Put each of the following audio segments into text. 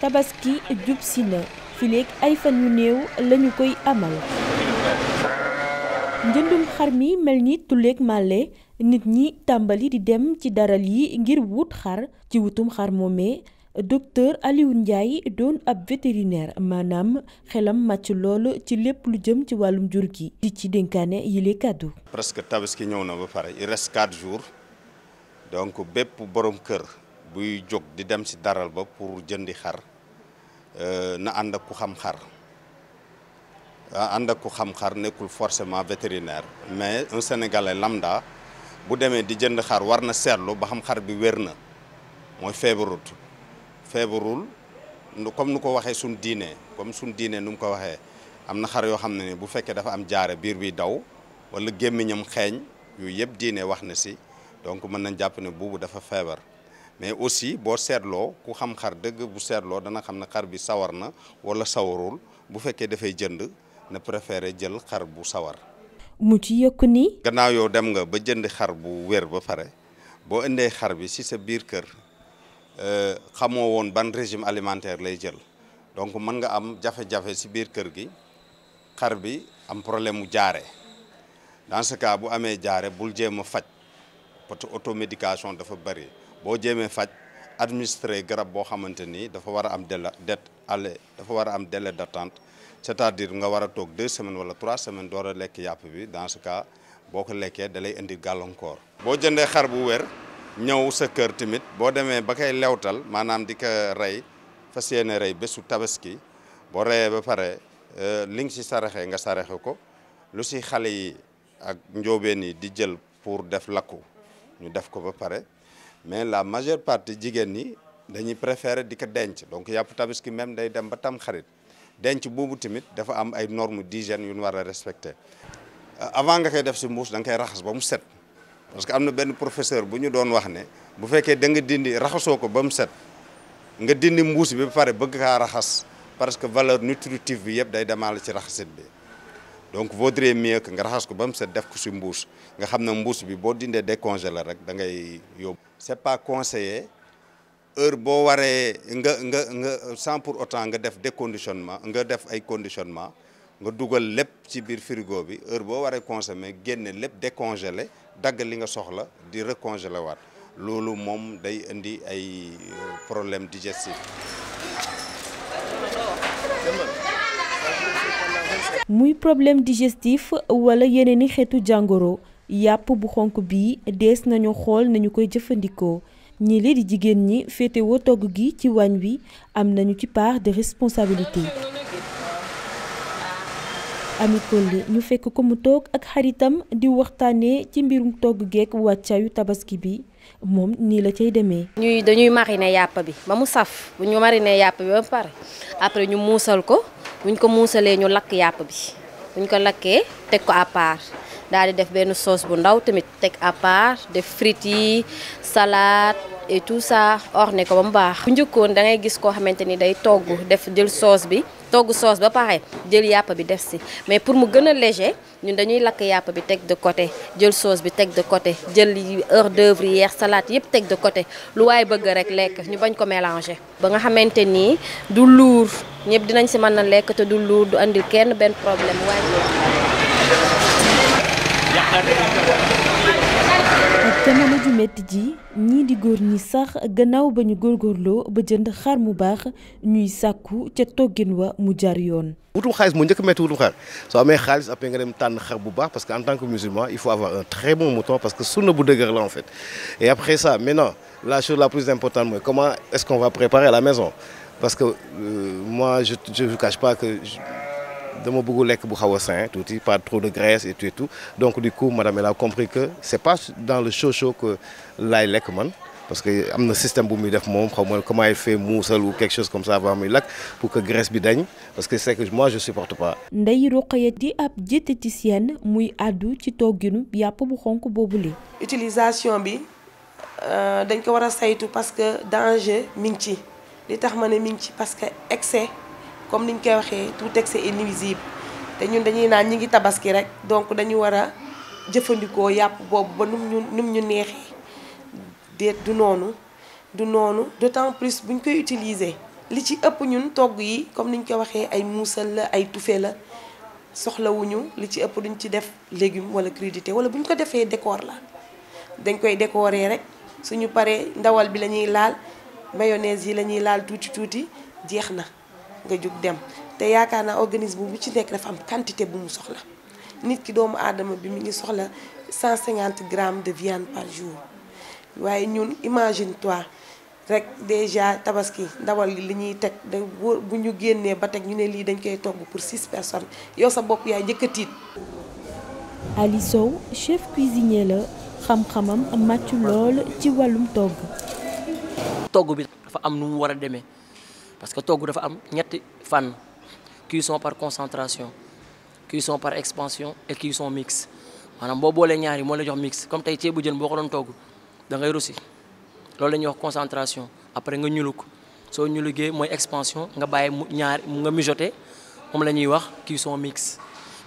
tabaski et Filek, na fileeg ay amal njëndum xar mi mel ni tulleeg màlle nit ñi tàmbali di dem ci daral yi ngir wut xar ci wutum xar moomee docteur Alioune Ndiaye doon ab vétérinaire maanaam xelam màcc loolu ci lépp lu jëm ci wàllum jur gi di ci dénkaane yile kàddu presque tabaski ñëw na ba pare il reste quatre jours donc bépp boroom kër buy jóg di dem si daral ba pour jëndi xar euh, na ànd ak ku xam xar ànd ak ku xam xar nekkul forcément vétérinaire mais un sénégalais lambda bu demee di jënd xar war na seetlu ba xam xar bi wér na mooy feebarut feebarul comme nu ko waxee suñ diinee comme suñ diinee nu mu ko waxee am na xar yoo xam ne ni bu fekkee dafa am jaare biir bi daw wala gémmiñam xeeñ yooyu yëpp diinee wax na si donc mën nañ jàpp ne buubu dafa feebar mais aussi boo seetloo ku xam xar dëgg bu seetloo dana xam ne xar bi sawar na wala sawarul bu fekkee dafay jënd na préféré jël xar bu sawar. mu ci yokk ni. gannaaw yo dem nga ba jënd xar bu wér ba pare boo indee xar bi si sa biir kër euh, xamoo woon ban régime alimentaire lay jël donc mën nga am jafe-jafe ci biir kër gi xar bi am problème mu jaare dans ce cas bu amee jaare bul jéem a faj parce que automédication dafa bari boo jéemee faj administré garab boo xamante ni dafa war a am délai det ale dafa war a am délai d'attente c'est-à-dire nga wara tok 2 semaines wala 3 semaines doora lek yap bi dans ce cas boko lekke dalay da lay indi bo jende xar bu wer ñew sa kër timit bo demee ba kay lewtal manam di ka ray fasiyene ray besu tabaski bo reyee ba pare euh ling si saraxé nga saraxé ko lu ci xalé yi ak njóobeen yi di jël pour def lakku ñu def ko ba pare mais la majeure partie jigen ni dañuy préférer di ka denc donc yap tabaski même day dem ba tam xarit. denc boobu tamit dafa am ay normes d'hygiène yu ñu war respecter euh, avant nga kay def ci mbouss da nga raxas ba mu set parce que amna ben professeur bu ñu doon wax ne bu fekkee da nga dindi raxasoko ko ba mu set nga dindi mbouss bi ba pare bëgg ka raxas parce que valeur nutritive bi yépp day demaale ci raxasit bi donc vaudrait mieux que nga raxas ko ba mu set def ko ci mbouss nga xamna mbouss bi bo dindé décongeler rek da ngay yóbbu. c'est pas conseillé. heure boo waree nga nga nga sans pour autant nga def déconditionnement nga def ay conditionnement nga dugal lépp ci biir frigo bi heure boo waree consommer génne lépp décongelé dagg li nga soxla di recongelé waat loolu moom day indi ay euh, problème digestif muy problème digestif wala yeneen i xeetu jàngoro yàpp bu xonk bi des nañu xool nañu koy jëfandikoo ñi lee di jigéen ñi wo togg gi ci wañ wi am nañu ci part de responsabilité Ami kolle ñu fekk ko mu ak xaritam di waxtaanee ci mbirum togg geek waccayu tabaski bi mom ni la cey démé ñuy dañuy mariné yap bi ba mu saf bu ñu mariné yap bi ba mu après ñu musal ko buñ ko musalé ñu lak yap bi buñ ko laké tek ko à part. daal di def benn soos bu ndaw tamit teg à part def frites yi salade et tout ça orné ko ba mu baax. bu njëkkoon da ngay gis koo xamante ni day togg def jël soos bi togg soos ba pare jël yàpp bi def si mais pour mu gën a léger ñun dañuy lakk yàpp bi teg de côté jël soos bi teg de côté jël hors d'œuvre yeex salade yëpp teg de côté lu waaye bëgg rek lekk ñu bañ ko mélanger. ba nga xamante ni du luur ñëpp dinañ si mën na lekk te du luur du andil kenn benn problème te mën a ju metti ji di gor ni sax gannaaw bañu gor gorlo ba jënd xar mu baax ñuy sakku ca togin wa mu jar yoon wutul xaalis mo njëkk metti wutul xaalis so amé xaalis après nga dem xar bu baax parce que en tant que musulman il faut avoir un très bon mouton parce que sunna bu dëgër la en fait et après ça maintenant la chose la plus importante moi, comment est-ce qu'on va préparer à la maison parce que euh, moi je ne vous cache pas que dama mon lekk bu xaw a sain pas trop de graisse et tout et tout donc du coup madame elle a compris que c'est pas dans le chouchou que laay lek man parce que am système bu muy def moom xaw comment il fait moussel ou quelque chose comme ça avant muy lakk pour que graisse bi dañ parce que c'est que moi je supporte pas. Ndeye Rokhaya di ab diététicienne muy àddu ci togginu yàpp bu xonk boobu li utilisation bi euh, dañ ko war a saytu parce que danger mi ngi ci li tax ci parce que excès comme niñ koy waxé tout texte est nuisible te ñun dañuy naan ñi ngi tabaski rek donc dañu wara jëfëndiko yap bobu ba num ñu num ñu neexi déet du nonu, du nonu. d'autant plus buñ koy utiliser li ci ëpp ñun togg yi comme niñ koy waxé ay moussel la ay tufe la wuñu li ci ëpp duñ ci def légumes wala crudité wala buñ ko défé décor la dañ koy décorer rek suñu paré ndawal bi lañuy laal mayonnaise yi lañuy laal tuuti tuuti jeexna na nga jóg dem te yakarna organisme bu ci nekk dafa am quantité bu mu soxla nit ki doomu adama bi mi ngi soxla 150 grammes de viande par jour waye ñun imagine toi rek déjà tabaski ndawal li ñuy tek da bu ñu génnee ba tek ñu ne lii dañ koy togg pour 6 personnes yow sa bop yaay njëkk Ali Sow chef cuisinier la xam-xamam màcc lool ci walum togg togg bi dafa am nu wara démé parce que togg dafa am ñetti qui sont par concentration qui sont par expansion et cuisson mixte maanaam boo boolee ñaar yi moo la jox mix. comme tey ceebu jën boo ko doon togg da ngay russi loolu la ñuy wax concentration après nga ñuluk soo ñulugee mooy expansion nga bàyyi mu ñaar nga mijoté moom la ñuy qui sont mix.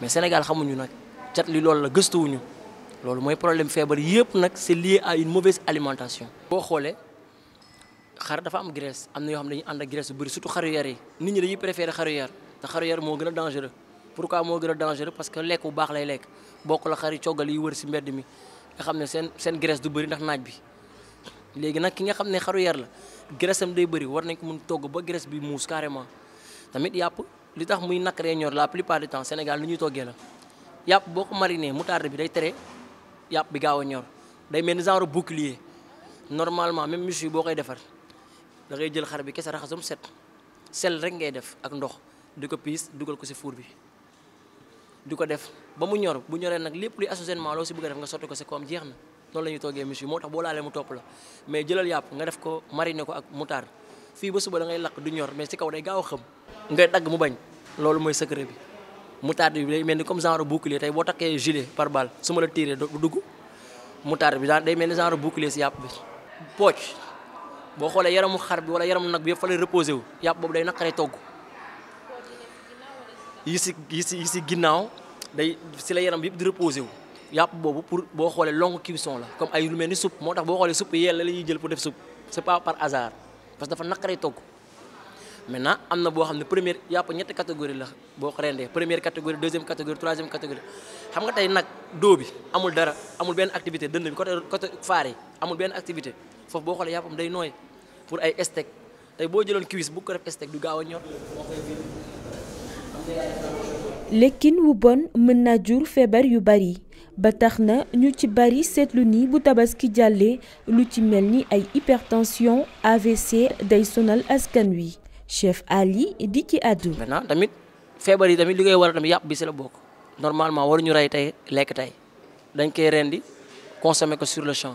mais Sénégal xamuñu nag cat li loolu la gëstuwuñu loolu mooy problème feebar yëpp nag c'est lié à une mauvaise alimentation boo xoolee xar dafa am graisse am na yoo xam ne dañuy ànd ak graisse bu bëri surtout xaru yar yi nit ñi dañuy préféré xaru yar te xaru yar moo gën a dangereux pourquoi moo gën a dangereux parce que lekk bu baax lay lekk bokk la xari coggal yi wër mi xam ne seen seen graisse du bëri ndax naaj bi léegi nag ki nga xam ne xaru yar la graisse am day bëri war nañ ko mun togg ba graisse bi muus carrément tamit yàpp li tax muy nakkaree ñor la plupart du temps Sénégal lu ñuy toggee la yàpp boo ko mariné moutarde bi day tere yàpp bi gaaw a ñor day mel ni genre bouclier normalement même miche boo koy defar da ngay jël xar bi raxasum set sel rek ngay def ak ndox diko ko piis dugal ko ci four bi diko def ba mu ñor bu ñoré nak lepp luy assaisonnement lo ci bëgg def nga sotti ko ci kom jeexna non lañu toggé monsieur motax bo laalé mu top la mais jëlal yap nga def ko mariner ko ak mutar fi ba suba da ngay lakk du ñor mais ci kaw day gaaw xam ngay dag mu bañ lolu moy secret bi moutarde bi lay melni comme genre bouclier tay bo také gilet par balle suma la tiiree du dugg moutarde bi day melni genre bouclier ci yap bi poch boo xoolee yaramu xar bi wala yaramu nag bi yëpp fa lay reposé yàpp boobu day naqaree togg yi si yi si si ginnaaw day si la yaram bi yëpp wu yàpp boobu pour boo xoolee longue cuisson la comme ay lu mel ni soupe moo tax boo xoolee soupe yeel la lañuy jël pour def soupe c'est pas par hasard parce que dafa naqaree togg maintenant am na boo xam ne première yàpp ñetti catégorie la boo ko rendee première catégorie deuxième catégorie troisième catégorie xam nga tey nag doo bi amul dara amul benn activité dënd bi côté côté faar yi amul benn activité foofu boo xoolee yàppam day nooy pour ay steak tay bo jëlone cuisse bu ko def steak du gawa ñor. lekin wu bon mën naa jur feebar yu bari ba taxna ñu ci bari seetlu ni bu tabaski jalle lu ci melni ay hypertension AVC day sonal askan wi chef Ali di ci adu maintenant tamit feebar yi tamit li koy waral tamit yàpp bi si la bokk normalement ñu ray tay lek tay dañ koy rendi consommer ko sur le champ.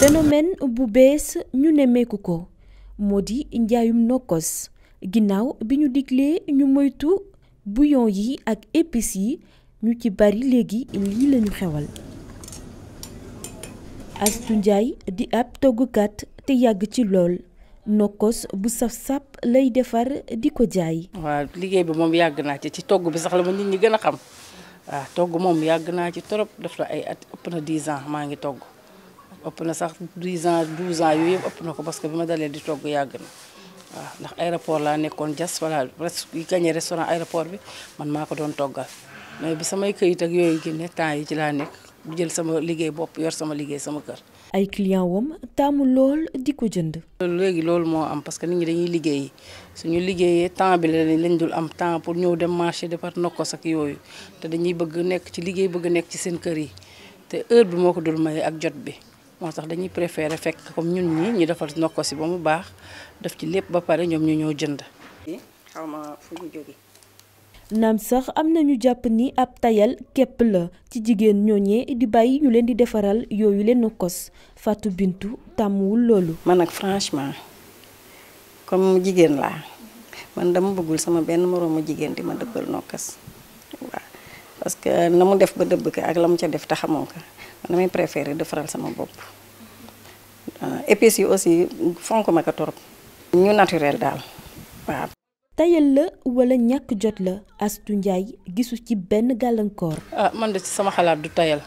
phénomène bu bees ñu nemmeeku ko moo di njaayum nokkos ginnaaw bi ñu diglee ñu moytu bouillon yi ak épices yi ñu ci bari léegi lii lañu xewal Astu Njaay di ab toggukat te yàgg ci lool nokkos bu saf-sap lay defar di ko jaay waaw liggéey bi moom yàgg naa ci ci togg bi sax la ma nit ñi gëna xam waaw togg moom yàgg naa ci trop def na ay at ëpp na 10 ans maa ngi togg ëpp na sax 10 ans 12 ans yooyu yëpp ëpp na ko parce que bi ma dalee di togg yàgg na waaw ndax aéroport laa nekkoon jas voilà presque yi gagné restaurant aéroport bi man maa ko doon toggal mais bi samay këyit ak yooyu génne temps yi ci laa nekk jël sama liggéey bopp yor sama liggéey sama kër ay client wam taamu lool di ko jënd. léegi loolu moo am parce que nit ñi dañuy liggéey suñu liggéeyee temps bi la lañ dul am temps pour ñëw dem marché defar nokkos ak yooyu te dañuy bëgg nekk ci liggéey bëgg nekk ci seen kër yi te heure bi moo ko dul maye ak jot bi. moo tax dañuy préféré fekk comme ñun ñi ñu defar nokko si ba mu baax def ci lépp ba pare ñoom ñu ñoo jënd. fu nam sax am nañu jàpp ni ab tayal képp la ci jigéen di bàyyi ñu leen di defaral yooyu leen kos Fatou Bintou tàmmuwul loolu. man nag franchement comme jigéen laa man dama bëggul sama benn moromu jigéen di ma dëbbal nokkas waaw parce que na def ba dëbb ka ak la mu ca def te xamoo man damay préférer defaral sama bopp épices yi aussi fonk ma ka torop ñu naturel daal waaw. tayal la wala ñàkk jot la Astou Ndiaye gisu ci benn gàllankoor. ah man de ci sama xalaat du tayal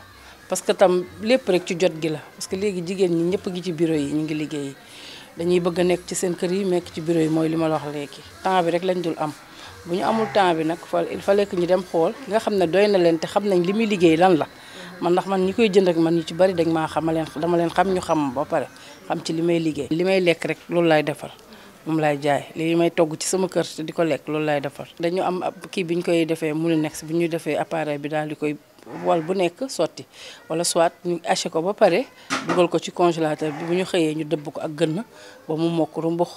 parce que tam lépp rek ci jot gi la parce que léegi jigéen ñi ñëpp gi ci bureau yi ñu ngi liggéey dañuy bëgg a nekk ci seen kër yi mekk ci bureau yi mooy li ma la wax léegi temps bi rek lañ dul am bu ñu amul temps bi nag fa il fallait que ñu dem xool nga xam ne doy na leen te xam nañ li muy liggéey lan la. man ndax man ñi koy jënd ak man ñu ci bari dañ maa xam ma leen dama leen xam ñu xam ba pare xam ci li may liggéey. li may lekk rek loolu laay defal. moom laay jaay lii may togg ci sama kër te di ko lekk loolu laay defar dañu am kii bi ñu koy defee mu mulu nekk bu ñu defee appareil bi daal di koy wal bu nekk sotti wala soit ñu haché ko ba pare dugal ko ci congélateur bi bu ñu xëyee ñu dëbb ko ak gën ba mu mokk rumbux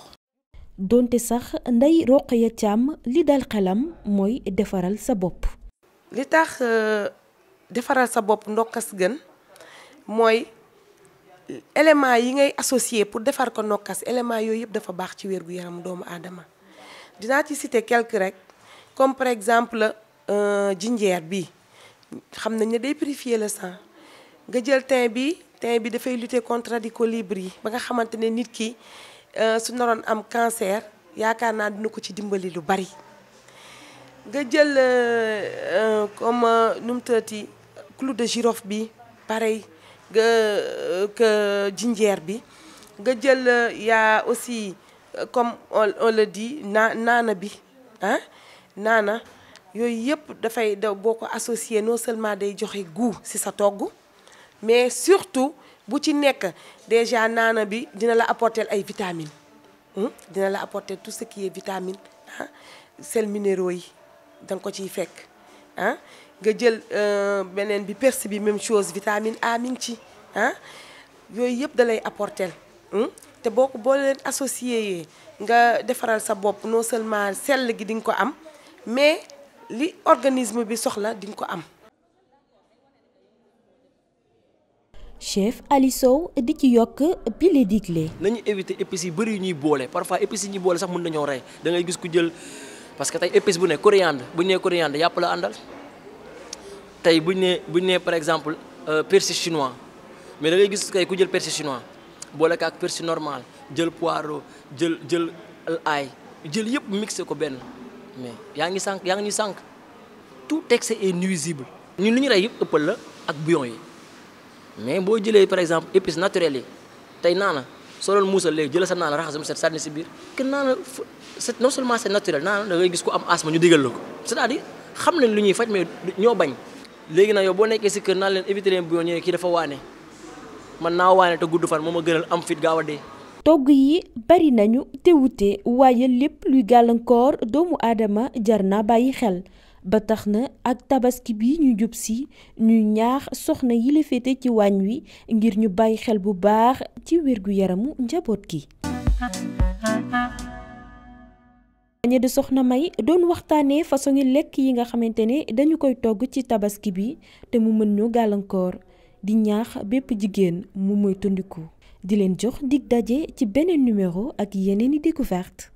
donte sax ndey Roqaya Thiam li dal xelam mooy defaral sa bopp li tax euh, defaral sa bopp ndokkas gën mooy Elle yi ngay associé pour defar ko nokkas élément yoy yeb dafa bax ci wérgu yaram doomu adama ci citer quelques rek comme par exemple Ginger euh, bi xamnañ day purifier le sang nga jël bi bi lutter contre radicaux libres ba nga nit ki euh, am cancer il naa dina ci dimbali lu bari nga euh, comme clou de girofle bi pareil euh, que jinjeer bi nga jël euh, ya aussi euh, comme on le dit naa naana bi hein nana yooyu yëpp da fay boko associé non seulement day joxe goût si sa togg mais surtout bu ci nek déjà nana bi dina la apporter ay vitamines hmm? dina la apporter tout ce qui est vitamine hein sel minéraux yi dang ko ci fek hein nga jël euh, beneen bi persil bi même chose vitamine A mi ci ah yooyu yëpp dalay lay apporter hmm? te boo ko boo leen associé nga defaral sa bopp non seulement sell gi di nga ko am mais li organisme bi soxla di nga ko am. chef Ali Sow di ci yokk bi la digle. nañu éviter épices yi bëri yu ñuy boole parfois épices yi ñuy boole sax mën nañoo rey da ngay gis ku jël parce que tey épice bu ne coriandre bu ñu nee coriandre yàpp la àndal. tay buñ né par exemple euh, persil chinois mais da ngay gis kay ku jël persil chinois boole ko ak persil normal jël poireau jël jël ail jël yépp mixé ko ben mais yaa ngi sank yaa ngi ni sànq tout excès est nuisible. ñun li ñu rey yëpp ëppal la ak bouillon yi mais boo jëlee par exemple épices naturel. yi tey naana soo doon muusal léegi jëlee sa naana raxas mu set sànni si biir que naana c'est non seulement c'est naturel naana da ngay gis ku am asthme ñu digal la ko c'est-à-dire xam nañ lu ñuy faj mais ñoo bañ. léegi nag yow boo nekkee si kër naan leen éviter leen bu yoon ñëwee kii dafa waane man naa waane te gudd fan moo ma gënal am fit gaaw togg yi bari nañu te wute waaye lépp luy gàllankoor doomu aadama jar na bàyyi xel ba tax na ak tabaski bi ñu jub si ñuy ñaax soxna yi la féete ci waañ wi ngir ñu bàyyi xel bu baax ci wér gu yaramu njaboot gi. ñi soxna May doon waxtaanee façon yi lekk yi nga xamante ne dañu koy togg ci tabaski bi te mu mën ñu gàllankoor di ñaax bépp jigéen mu mooy tundiku di leen jox dig daje ci beneen numéro ak yeneen i découverte